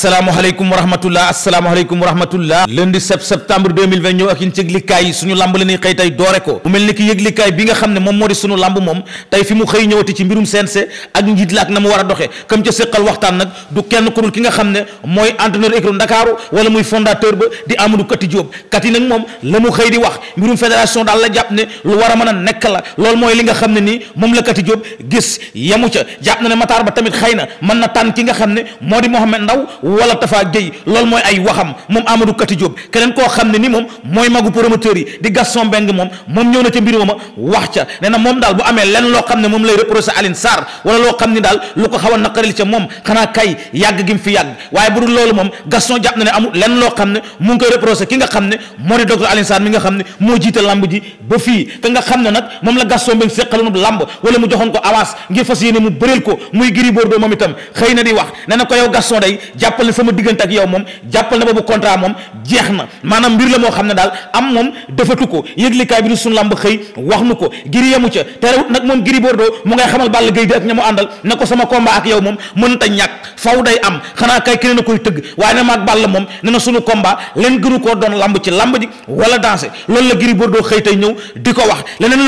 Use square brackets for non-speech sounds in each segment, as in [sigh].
asalaamaaleykum wa rahmatullah asalaamaaleykum wa rahmatullah lundi 7 septembre 2020 ñëw ak yéen ci yëglikaay yi suñu lamb la ñuy xëy tey doore ko mu mel ni ki yëglikaay bi nga xam ne moom moo di suñu lamb moom tey fi mu xëy ñëwati ci mbirum CNG ak njiit la ak na mu war a doxee comme ca séqal waxtaan nag du kenn ku dul ki nga xam ne mooy entraîneur écurie Ndakaaru wala muy fondateur ba di Amadou Kati Diop Kati nag moom la mu xëy di wax mbirum fédération daal la jàpp ne lu war a mën a nekk la li nga xam ne nii moom la Kati Diop gis yamu ca jàpp na ne Matar ba tamit xëy na mën na tànn ki nga xam ne moo di Mohamed Ndaw wala Tafa Gueye loolu mooy ay waxam moom Amadou Kati Diop keneen koo xam ne ni moom mooy magu promoteur yi di Gaston Mbengue moom moom ñëw na ca mbir mooma wax ca nee moom daal bu amee lenn loo xam ne moom lay reproché Alioune Sarr wala loo xam ni daal lu a naqaril ca moom xanaa kay yàgg gi mu fi yàgg waaye bu xam ne mu ngi koy reproché nga xam ne moo nga xam ne moo jiite lamb ji ba fii te nga xam ne nag moom la Gaston Mbengue seqaloon lamb wala mu joxoon ko avance ngir fas yéene mu bëreel ko muy Gris Bordeaux moom itam xëy na di wax nee na ko yow Gaston day jàpp jàppal ne sama diggante ak yow moom jàppal na boobu contrat moom jeex na maanaam mbir la moo xam ne daal am moom defatu ko yëglikaay bi di sunu làmb xëy wax nu ko giri yemu ca terewut nag moom giri Bordeaux mu ngay xamal Balla Gaye di ak ña àndal ne ko sama combat ak yow moom mënta ñàkk faw day am xanaa kay keneen a koy tëgg waaye ne maag Balla moom ne na sunu combat leen gënu koo doon lamb ci lamb ji wala danse loolu la giri Bordeaux xëy tey ñëw di ko wax leneen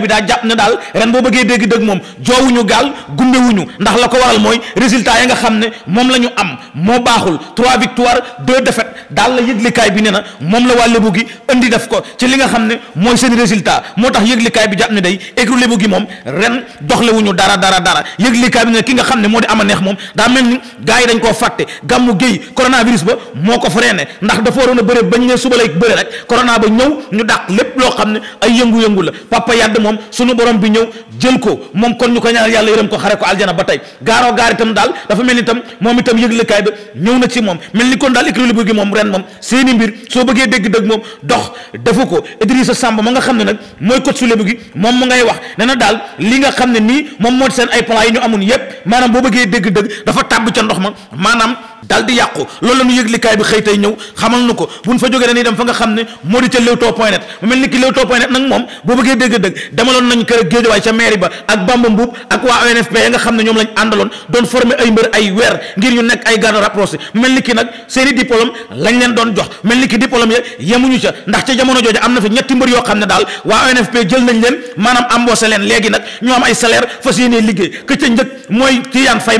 bi daa jàpp ne daal ren boo bëggee dégg dëgg moom joowuñu gaal gumbewuñu ndax la ko waral mooy résultat ya nga xam ne moom la am moo baaxul trois victoires deux défaites daal la yëglikaay bi nee na moom la waa lébu gi indi def ko ci li nga xam ne mooy seen résultat moo tax yëglikaay bi jàpp ne day écru lébu gi moom ren doxlewuñu dara dara dara yëglikaay bi ne ki nga xam ne moo di ama neex moom daa mel ni gars yi dañ koo fàtte gàmmu géy coronavirus ba moo ko freiné ndax dafa waroon a bëre bañ ne suba lay bëre rek corona ba ñëw ñu lépp loo xam ne ay yëngu-yëngu la papa yadd moom suñu borom bi ñëw jël ko moom kon ñu ko ñaanal yàlla yërëm ko xare ko aljana ba tey gaaroo gaar itam daal dafa mel ni itam moom itam yëglikaay bi ñëw na ci gi moom ren moom seeni mbir soo bëggee dégg-dëgg moom dox defu ko sa Samb ma nga xam ne nag mooy coach su Lebu gi moom mu ngay wax ne na daal li nga xam ne nii moom moo seen ay plan yi ñu amoon yépp maanaam boo bëggee dégg-dëgg dafa tàbb ca ndox ma maanaam daal di yàqu loolu la ñu yëglikaay bi xëy tey ñëw xamal nu ko buñ fa jógee dañuy dem fa nga xam ne moo di ca Leewtoo point net mu mel ni ki Leewtoo point moom boo bëggee dégg-dëgg demaloon nañ kër xam ne ñoom lañ àndaloon doon former ay mbër ay weer ngir ñu nekk ay garde rapproché mu leen doon jox mel ni ki diplôme ya yemuñu ca ndax ca jamono jooju am na fi ñetti mbër yoo xam ne daal waa ONFP jël nañ leen léegi nag ñu am ay salaire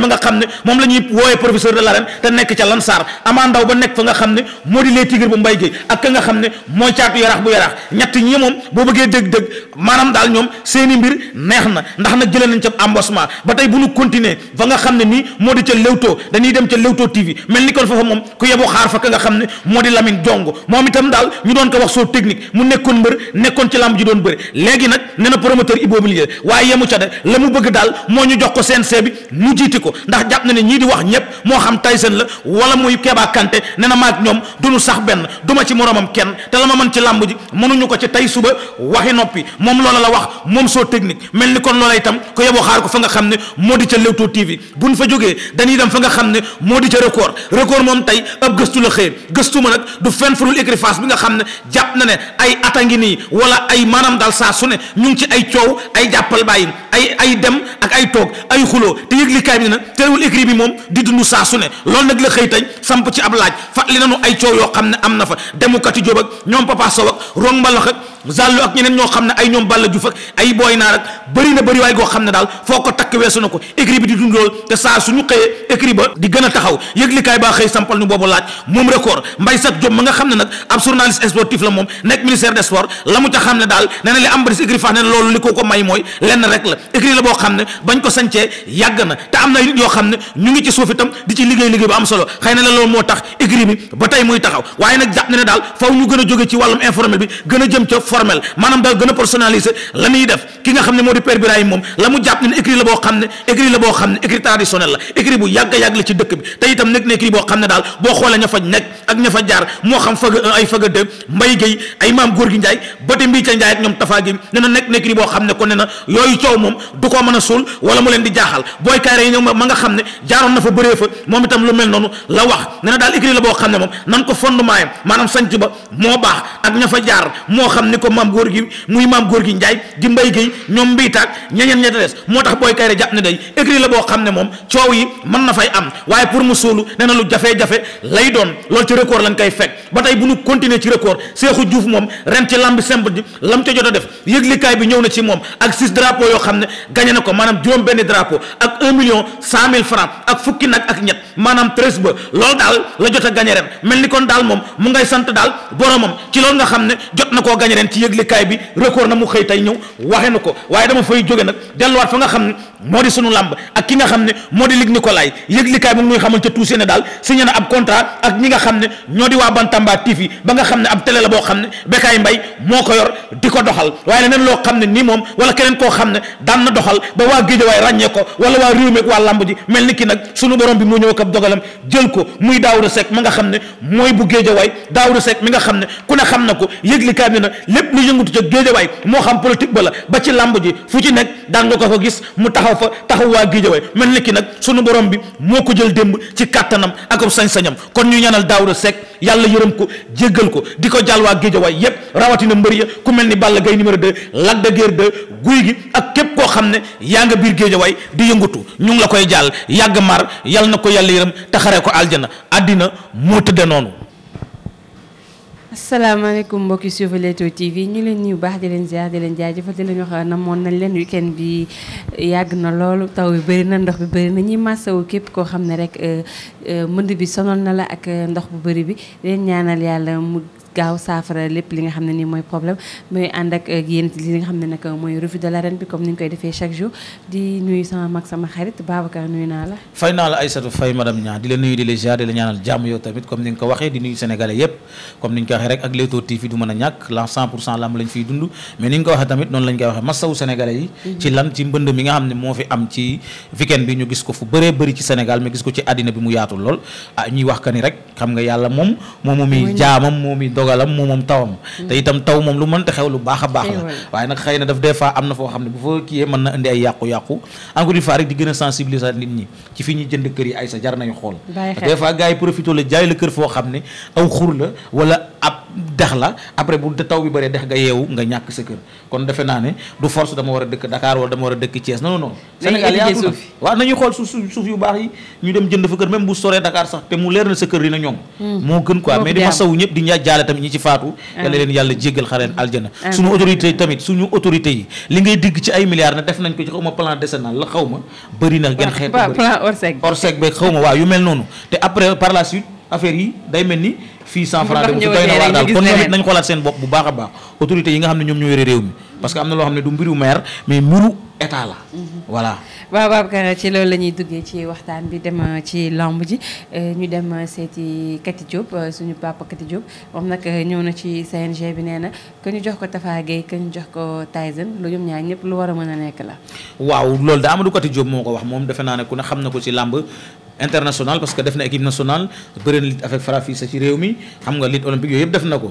nga xam ne moom la ñuy wooyee professeur de l'arène nekk ca Lansar amaa ndaw ba nekk fa nga xam ne moo di mooy caatu yaraax bu yaraax ñett ñi moom boo bëggee dëgg-dëgg maanaam daal ñoom seeni mbir neex na ndax nag jëlee nañ ba tey bu ñu continuer fa nga xam ne nii moo di ca Leewtoo dañuy dem ca Leewtoo TV mel ni kon foofa moom ku yebu xaar fa ka nga xam ne moo di Lamine Jong moom itam daal ñu doon ko wax soo technique mu nekkoon mbër nekkoon ci lamb ji doon bëri léegi nag ne na promoteur immobilier waaye yemu ca de la mu bëgg daal moo ñu jox ko CNC bi mu jiiti wala muy Keba Kanté ne na maag ñoom duñu sax benn duma ci moromam kenn te la ma mën ci làmb ji mënuñu ko ci tey suba waxi noppi moom loola la wax moom soo technique mel ni kon loola itam ko yeboo xaar ko fa nga xam ne moo di ca Leewtoo TV buñ fa jógee dañuy dem fa nga xam ne moo di ca record record moom tey ab gëstu la xëy gëstu ma nag du fenn furul écurie Fass bi nga xam ne jàpp na ne ay ata ngi nii wala ay maanaam daal saa su ne ñu ci ay coow ay jàppal bàyyi ay ay dem ak ay toog ay xuloo te yëglikaay bi na teewul bi moom di dund saa su ne nag la xëy tañ samp ci ab laaj fàttali nañu ay coow yoo xam ne am na fa demukati Jóob ak ñoom Papa Sow ak Rong Mbalax ak Zallo ak ñeneen ñoo xam ne ay ñoom Balla Juuf ak ay Boy Naar ak ba a xëy sampal ñu boobu laaj moom record mbay sat Diop ma nga xam ne nag ab journaliste sportif la moom nekk ministère des sports la mu ca xam ne daal nee li am ba des écrit fax ne loolu li ko ko may mooy lenn rek la écrit la boo xam ne bañ ko sancee yàgg na te am solo xëy na la loolu moo tax écrit bi ba tey muy taxaw waaye nag jàpp na ne daal faw ñu gën a jóge ci wàllum informel bi gën a jëm ca formel maanaam daal gën a personnaliser la ñuy def ki nga xam ne moo di Père Birahim a moom itam lu mel mel noonu la wax ne na daal écrit la boo xam ne moom nan ko fondement yam maanaam sanc ba moo baax ak ña fa jaar moo xam ni ko maam góor gi muy maam góor gi njaay di mbay géey ñoom mbiitaag ñeneen ña des moo tax booy kayre jàpp ne day écrit la boo xam ne moom coow yi mën na fay am waaye pour mu suulu nee lu jafe-jafe lay doon loolu ci record lañ koy fekk ba tey bu ñu continuer ci record Seexu Juuf moom ren ci lamb simple ji lam ca jot a def yëglikaay bi ñëw na ci moom ak six drapeau yoo xam ne gagné na ko maanaam juróom benn drapeau ak un million cent mille francs ak fukki nag ak ñett maanaam treize ba loolu daal la jot a gagné ren mel ni kon daal moom mu ngay sant daal moom ci loolu nga xam ne jot na ko gagné reen ci yëglikaay bi record na mu xëy tey ñëw waxe na ko waaye dama fay jóge nag delluwaat fa nga xam ne moo di sunu làmb ak ki nga xam ne moo di ko Nicolas yëglikaay bi mu ngi xamal ca tuusee ne daal signé na ab contrat ak ñi xam ne ñoo di waa Bantamba TV ba nga xam ne ab télé la boo xam ne Bécaye Mbaye moo ko di ko doxal waaye leneen loo xam ne nii moom wala keneen koo xam ne daan doxal ba waa géejawaay ràññee ko wala waa réew mi ak waa làmb ji mel ni ki nag sunu borom bi moo ñëw ak ab dogalam ko muy Daouda Seck ma nga xam ne mooy bu géejawaay Daouda Seck mi nga xam ne ku ne xam na ko yëglikaay bi na lépp lu yëngatu ca géejawaay moo xam politique ba la ba ci ji fu ci nekk daan nga ko gis mu taxaw fa taxaw waa géejawaay mel ni ki nag suñu borom bi moo ko jël démb ci kàttanam ak sañ-sañam kon ñu ñaanal a Seck yàlla yërëm ko jéggal ko di ko jàll waa géejawaay yépp rawatina mbër ya ku mel ni Balla Gaye numéro 2 Lac de Guiers guy gi ak képp koo xam ne yaa nga biir géejawaay di yëngutu ñu la koy jàll yàgg mar yal na ko yàlla yërëm taxaree ko aljana àddina moo tëdde noonu asalaamaaleykum mbokki suuf Leewtoo TV ñu leen nuyu baax di leen ziar di leen jaajëfal di leen wax namoon nañ leen weekend bi yàgg na loolu taw bi bëri na ndox bi bëri na ñuy màssawu képp koo xam ne rek euh, euh, mënd bi sonal na la ak euh, ndox bu bëri bi leen ñaanal gaaw saafara lépp li nga xam ne nii mooy problème muy ànd ak eh, bi comme ni ñu koy defee chaque jour di nuyu sama mag sama xarit Babacar nuyu naa la fay naa la Aïssatou Faye madame Niang di la nuyu di di la ñaanal jàmm yow tamit comme ni nga ko waxee di nuyu sénégalais yépp comme ni ñu ko waxee rek ak Leewtoo TV du mën a ñàkk la 100 pour cent lamb lañ fiy dund mais ni ñu ko waxee tamit noonu lañ koy waxee masawu sénégalais yi mhm. ci lan ci mbënd mi nga xam ne dogalam moom moom tawam mm. te itam taw moom lu mën te xew lu baax a baax la waaye nag xëy na daf des fois am na foo xam ne bu fa kiyee mën na indi ay yàqu-yàqu encore une rek di gën a sensibiliser nit ñi ci fi ñuy jënd kër yi ay sa jar nañu xool des fois gars yi profité la jaay la kër foo xam ne aw xur la wala ab dex la après bu taw bi bëree dex nga yeewu nga ñàkk sa kër kon defe naa ne du force dama war a dëkk Dakar wala dama war a dëkk Thiès non non Sénégal yaatu na waaw nañu xool suuf suuf yu baax yi ñu dem jënd fa kër même bu soree Dakar sax te mu leer na sa kër dina ñoŋ hmm. moo gën quoi mais di ma saw ñëpp di ñaa jaale tamit ñi ci faatu hmm. yàlla leen yàlla jéggal xareen aljana hmm. suñu autorité tamit suñu autorité yi li ngay digg ci ay milliards na def nañ affaire yi day mel ni fii cent francs dem doy na seen bopp bu baax a baax autorités yi nga xam ne ñoom ñoo yore réew mi parce que am na loo xam ne du mbiru maire mais mbiru état la mm-hmm. voilà waaw Babacar ci loolu la ñuy duggee ci waxtaan bi dem euh, ci lamb ji euh, ñu dem euh, seeti Kati Diop suñu papa Kati Diop moom nag ñëw na ci CNG bi nee na que ñu jox ko Tafa Gueye que ñu jox ko Tyson lu ñoom ñaar ñëpp lu war a mën a nekk la waaw loolu da Amadou Kati Diop moo ko wax moom defe naa ne ku ne xam na ko ci làmb international parce que def na nationale bëri na lutte avec Fra sa ci réew mi xam nga lutte olympique yooyu yëpp def ko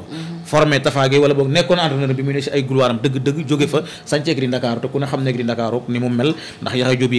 formé Tafa Gueye boog nekkoon entraîneur bi mu ne ay gloire dëgg-dëgg jóge fa sànce Gris Dakar te ku ne xam ne Gris Dakar ni mu mel ndax Yaxya mhm.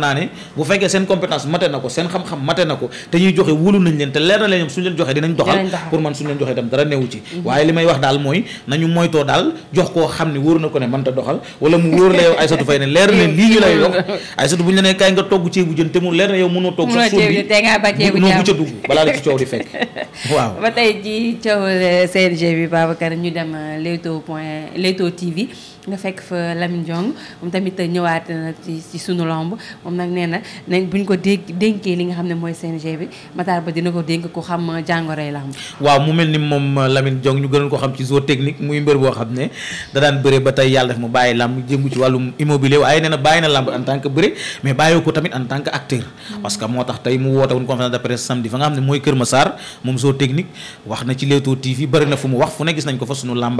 naa ne a bu fekkee seen compétence mate na ko seen xam-xam mate na ko te ñuy joxe wóolu nañ leen te leer na leen ñoom suñu leen joxee dinañ doxal pour man suñu leen joxee tam dara newu ci waaye li may wax daal mooy nañu moytoo daal jox koo xam ne wóor na ko ne mënta doxal wala mu wóor la yow Aïssatou Faye ne leer na lii ñu lay yox [laughs] Aïssatou bu ñu la kaay nga togg ceebu jën te mu leer na yow mënoo togg sa suuf bi noo bu ca dugg balaa la ci coow di fekk [laughs] waaw ba tey ji coow euh, CNG bi Babacar ñu dem euh, Leewtoo point Leewtoo TV nga fekk fa Lamine Diong moom tamit ñëwaat na ci ci sunu xam ne mooy CNG bi Matar Ba dina ko dénk ku xam jàngoroy mu mel ni moom Lamine Diong ko xam ci zoo technique muy mbër boo xam ne da daan bëre ba tey yàlla def mu bàyyi lamb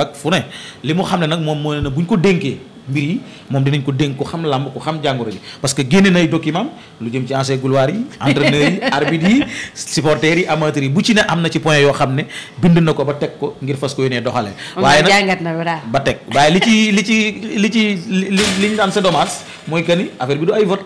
ak fu ne li mu xam ne nag moom moo ne buñ ko ko dénkee mbir yi moom dinañ ko dénk ko xam làmb ko xam jàngoro ji parce que génne nay document lu jëm ci anciens gloires yi [laughs] entraîneurs yi arbitres yi supporters yi amateurs yi bu ci ne am na ci point yoo xam ne bind na ko ba teg ko ngir fas ko yéenee doxalee waaye nag jàngat ba teg waaye li ci li ci li ci li li ñu daan c'est dommage mooy que ni bi du ay vote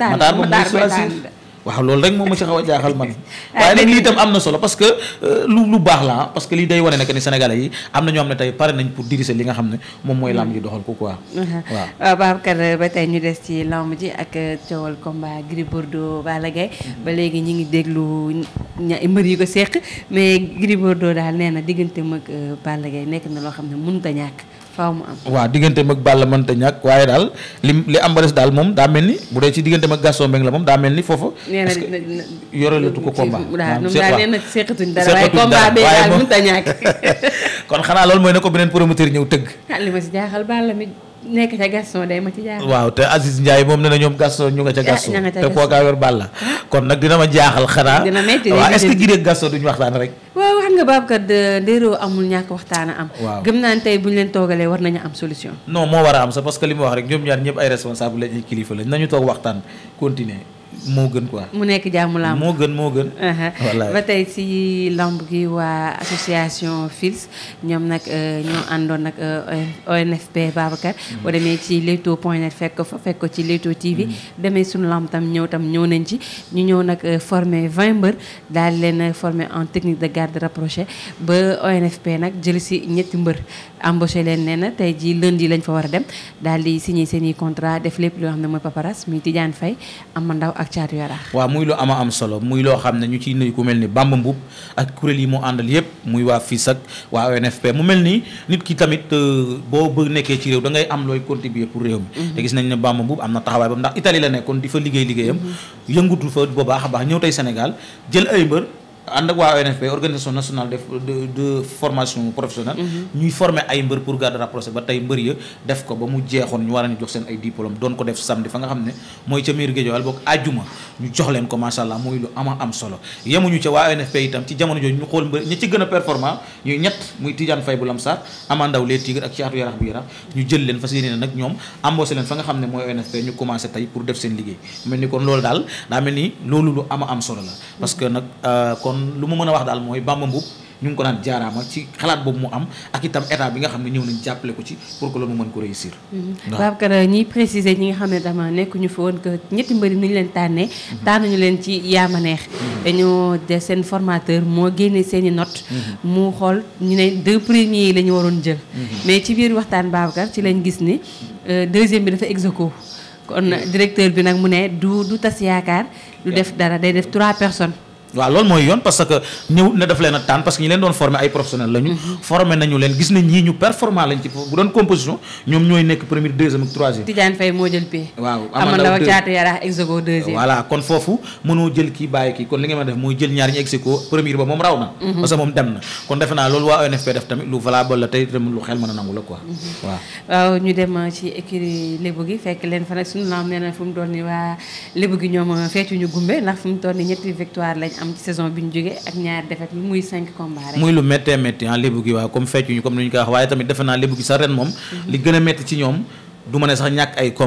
mataar moom mooy choisir waaw loolu rek moom ma ci xaw a jaaxal man [laughs] waaye nag ah, lii itam am na solo parce que euh, lu lu baax la parce que lii day wane ne que ni sénégalais yi am na ñoo xam ne tey pare nañ pour diriger li nga xam ne moom mooy lamb ji doxal ko quoi [laughs] uh-huh. waaw euh, Babacar ba tey ñu des ci lamb ji ak euh, combat Gris Bordeaux Balla Gaye mm-hmm. ba léegi ñi ngi déglu ña mbër yi ko seq mais Gris Bordeaux daal nee na diggante mag Balla Gaye nekk na loo xam ne mënut a ñàkk faaw mu am waaw diggante mag Balla mënta ñàkk waaye daal li li am ba des daal moom daa mel ni bu dee ci diggante mag Gaston Mbengue la moom daa ni foofa. nee na ko combat. maanaam seet waaw nee seqatuñ dara waaye combat bee daal mënta ñàkk. [laughs] kon xanaa loolu mooy ne ko beneen promoteur ñëw tëgg. ah li ma si jaaxal Balla mi nekk ca Gaston day ma ci jaaxal. waaw te Aziz Ndiaye moom nee na ñoom Gaston ñu nga ca ah, Gaston te kookaa yor Balla. Ah. kon nag dina ma jaaxal xanaa. dina est-ce que Gidé Gaston duñu waxtaan rek. nga Babacar ndéeroo amul ñàkk waxtaan a am. waaw gëm naa ne tey bu ñu leen toogalee war nañu am solution. no moo war a am sax parce que li mu wax rek ñoom ñaar ñëpp ay responsable lañ ay kilifa lañ nañu toog waxtaan continuer. moo gën quoi. mu nekk jàmmu làmb moo gën moo gën. Uh-huh. voilà ba tey si lamb gi waa association FILS ñoom nag euh, ñoo àndoon nag euh, ONFP Babacar. Mm-hmm. boo demee ci Leewtoo point net fekk ko fa fekk ko ci Leewtoo TV. Mm-hmm. demee suñu lamb tam ñëw tam ñëw nañ ci ñu ñëw nag euh, formé 20 mbër daal leen formé en technique de garde rapprochée ba ONFP nag jël si ñetti mbër. embauché leen nee na tey jii lundi lañ fa war a dem daal di signé seen i contrat def lépp loo xam ne mooy paparas muy Tidiane Faye Ama Ndaw ak Caatu Yaraax waaw muy lu ama am solo muy loo xam ne ñu ciy nuyu ku mel ni Bamba mbub ak kuréel yi mu àndal yépp muy waa FIS ak waa ONFP mu mel ni nit ki tamit euh, boo bëgg nekkee ci réew da ngay am looy contribuer pour réew mi mm-hmm. te gis nañ ne Bamba Mbuub am na taxawaay bam ndax Italie la nekkoon di fa liggéey liggéeyam mm-hmm. yëngutu fa bu baax a baax ñëw tey Sénégal jël ay mbër ànd ak waa ONFP organisation nationale de de formation professionnelle. Mhm. ñuy former ay mbër pour garder rapproché ba tey mbër ya def ko ba mu jeexoon ñu war a jox seen ay diplôme doon ko def samedi fa nga xam ne mooy ca miir géej wala boog àjjuma ñu jox leen ko ñu xool mbër a performant ñuy ñett muy Tidiane Faye bu Lamsar Ama Ndaw les Tigres ak Caatu Yarax bu Yarax ñu jël leen fas yéene nag xam ne mooy ONFP ñu commencé tey pour def seen mel ni kon loolu daal daa mel ni loolu lu ama am solo la parce que nag euh, kon kon lu ma mën a wax daal mooy Bamba Mboup ñu ngi ko naan jaaraama ci xalaat boobu mu am ak itam état bi nga xam ne ñëw nañ jàppale ko ci pour que loolu mu mën ko réussir. Mhm. waaw Babacar euh, ñiy ñi nga xam ne dama nekk ñu ko woon que ñetti mbëri ni ñu leen tànnee. Mhm. tànnuñu leen ci yaama neex. Mhm. dañoo de seen formateur moo génne seen i notes. mu xool ñu ne deux premiers yi la ñu waroon jël. mais ci biir waxtaan Babacar ci lañ gis ni euh, deuxième bi dafa ex aequo kon directeur b nag mu ne du du tas yaakaar du def dara day def trois personnes. waaw loolu mooy yoon parce que ñëw ne daf leen a tànn parce que ñi leen doon formé ay professionnel lañu. Mhm. formé nañu leen gis nañ ñu performant lañ ci bu doon composition ñoom ñooy nekk premier deuxième ak troisième. Tidiane moo jël pay. waaw amal na caatu yaraax execo deuxième. voilà kon foofu mënoo jël kii bàyyi kii kon li nga mën a def mooy jël ñaar ñi execo premier ba moom raw na. Mhm. parce que moom dem na kon defe naa loolu waa ONFP def tamit lu am ci saison bi ñu jógee ak ñaari défaite bi muy cinq combats rek. muy lu méttee métti ah lébu gi waaw comme feccuñu comme ni ñu ko wax waaye tamit defe naa lébu gi sax ren moom. Mm-hmm. li gën a métti ci ñoom.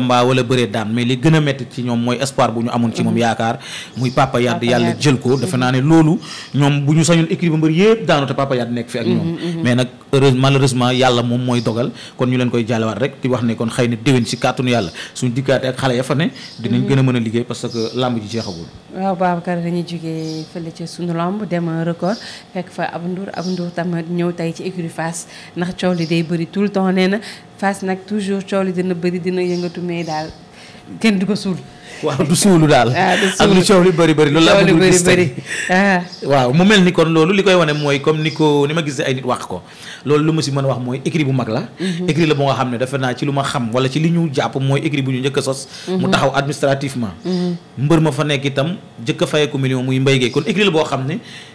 wala bëree daan mais li gën a métti ci ñoom mooy espoir bu ñu amoon ci moom mm-hmm. yaakaar muy Papa Yade yàlla jël ko defe naa ne mm-hmm. loolu ñoom bu ñu sañoon équipe ba mbër yëpp daanu te Papa Yade nekk fi ak ñoom mais nag heureuse malheureusement yàlla moom mooy dogal kon ñu leen koy jàllewaat rek di wax ne kon xëy na déwén si kàttanu yàlla suñu dikkaate ak xale a mën a liggéey parce que làmb ji jeexagul waaw Babacar dañuy jógee fële ca sunu lomb dem record fekk fa ab Ndour ab nduur tam ñëw tey ci écurie Fass ndax coow li day bëri tout le temps nee na Fass nag toujours coow li dina bëri dina yëngatu mais daal. kenn du ko suul. waaw du suulu daal. [laughs] Ah, ak lu coow li bëri bëri loolu la bëgg gis bëri ah. waaw mu mel ni kon loolu li koy wane mooy comme ni ko ni ma gis ay nit wax ko loolu lu ma si mën a wax mooy écrit bu mag la. Mhm. écrit la boo nga xam ne defe naa ci lu ma xam wala ci li ñu jàpp mooy écrit bu ñu njëkk a sos. Mhm. mu taxaw administrativement. Mhm. mbër ma fa nekk itam jëkk a fayeeku muy mbéy gay kon écrit la boo xam ne.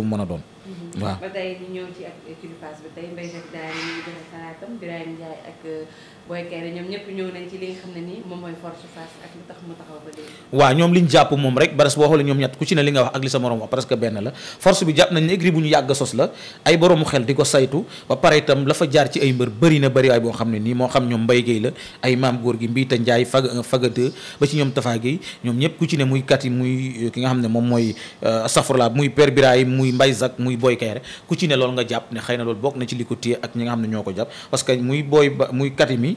lu mu mën a doon. Mhm. waaw ba tey ñu ñëw ci ak kilifaas ba tey Mbaye Jacques Diané ñu ngi joxe xalaatam Birame Ndiaye ak Boy Kairé ñoom ñëpp ñëw nañ ci li nga liñ jàpp moom rek baras boo xoolee ñoom ñett ku ci ne li nga wax ak li sa morom wax presque benn la force bi jàpp nañ ne écurie bu ñu yàgg sos la ay boroomu xel di ko saytu ba pare itam la fa jaar ci ay mbër bëri na bëri waay boo xam ne nii moo xam ñoom Mbaye Guèye la ay maam góor gi Mbiita Njaay faga faga deux ba ci ñoom tafaa Guèye ñoom ñëpp ku ci ne muy kat muy ki nga xam ne moom mooy euh, safurla muy Père Biraay muy Mbaye Zak muy Boy Kairé ku ci ne loolu nga jàpp ne xëy na loolu bokk na ci li ko téye ak ñi nga xam ne ñoo ko jàpp parce que muy booy muy kat yi mi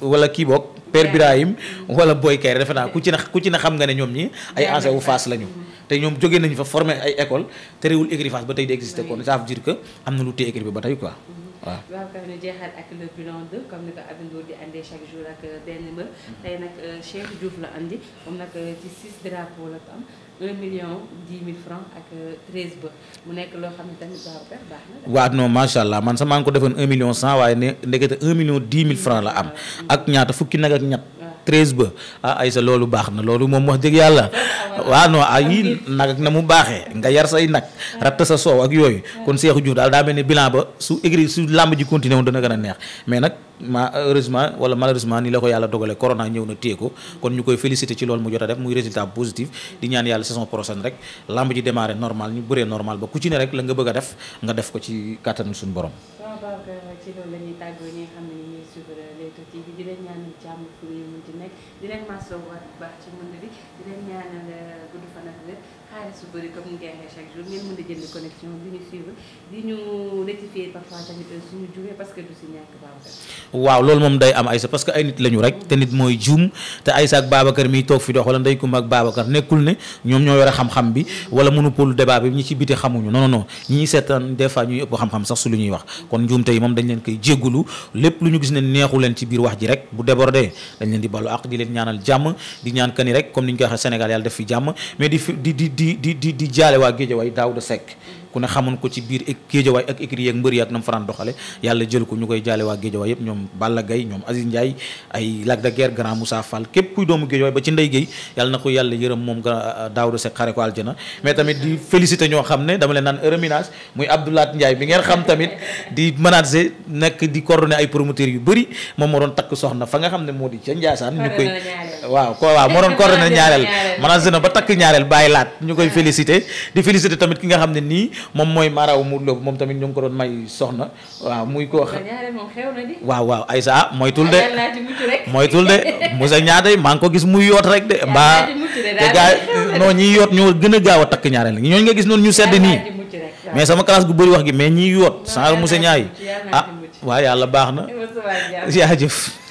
wala kii boog Père Birahim wala Boy Kayre defe naa ku ci na ku ci na xam nga ne ñoom ñi ay ancien wu Fass lañu te ñoom jóge nañu fa forme ay école te réewul écurie Fass ba tey di existé kon ça veut dire am na lu téye écurie bi ba tey quoi waaw Babacar ñu jeexal ak le bilan de comme ni ko Aby di andee chaque jour ak euh, benn mbër mm-hmm. tey nag euh, Cheikh Diouf la andi moom nag euh, ci six drapeaux la ko am un million dix mille francs ak treize bër mu nekk loo xam ne tamit baax na waaw non macha allah man sama ngi ko defoon un million cent waaye ne ndekete un million dix mille francs la am ak ñaata fukki nag ak ñett treize ba ay ah, sa loolu baax na loolu moom wax dëgg yàlla waaw non ah yii nag ak na mu baaxee nga yar say nag ratta sa soow ak yooyu kon Seexu Juuf daal daa mel ni bilan ba su écrit su làmb ji continué woon dana gën a neex mais nag ma ma heureusement wala malheureusement ni la ko yàlla dogale corona ñëw na téye ko kon ñu koy féliciter ci lool mu jot a def muy résultat positif di ñaan yàlla saison prochaine rek làmb ji démarré normal ñu bëree normal ba ku ci rek nga bëgg a def nga def ko ci kàttan suñu borom. Leewtoo TV di leen ñaanal jàmm fu réew mi di nekk di leen masawu baax ci mën bi di leen ñaanal eh, gudd fan ak wér xaalis su waaw loolu moom day am Aïssa parce que ay nit lañu rek te nit mooy juum te Aïssa ak Babacar mi toog fi dox wala Ndeye Coumba ak Babacar nekkul ne ñoom ñoo yore xam-xam bi wala monopole débat bi ñi ci biti xamuñu noonu non ñi ñuy seetaan des fois ñuy ëpp xam-xam sax su lu ñuy wax kon njuumte yi moom dañ leen koy jéggulu lépp lu ñu gis ne neexu leen ci biir wax ji rek bu débordé dañ leen di ballu ak di leen ñaanal jàmm di ñaan kani rek comme ni ñu ko waxee Sénégal yàlla jàmm di di di di jaale waa Géejawaay Daouda Seck ku ne xamoon ko ci biir e- géejawaay ak écrit yeeg mbëri ak nam faraan doxale yàlla jël ko ñu koy jaale waa géejawaay yëpp ñoom Balla Gaye ñoom Aziz Ndiaye ay Lac de Guerre Grand Moussa Fall képp kuy doomu géejawaay ba ci ndey géey yàlla na ko yàlla yërëm moom Daouda Seck xare ko aljana mais tamit di félicité ñoo xam ne dama leen naan reminage muy Abdoulaat Ndiaye bi ngeen xam tamit di manager nekk di coordonné ay promoteurs yu bëri moom moo doon takk soxna moom mooy maraw mu Lo moom tamit ñu ko doon may soxna waaw muy ko waaw waaw ay sa moytul de moytul de [laughs] Moussa ñaaday maa ngi ko gis muy yoot rek de mbaa te gaa non ñiy yoot ñoo gën a gaaw a takk ñaareel ñooñu nga gis noonu ñu sedd nii mais sama classe gu bëri wax gi mais ñiy yoot sanr Moussa ñaay ah waaw yàlla baax na jaajëf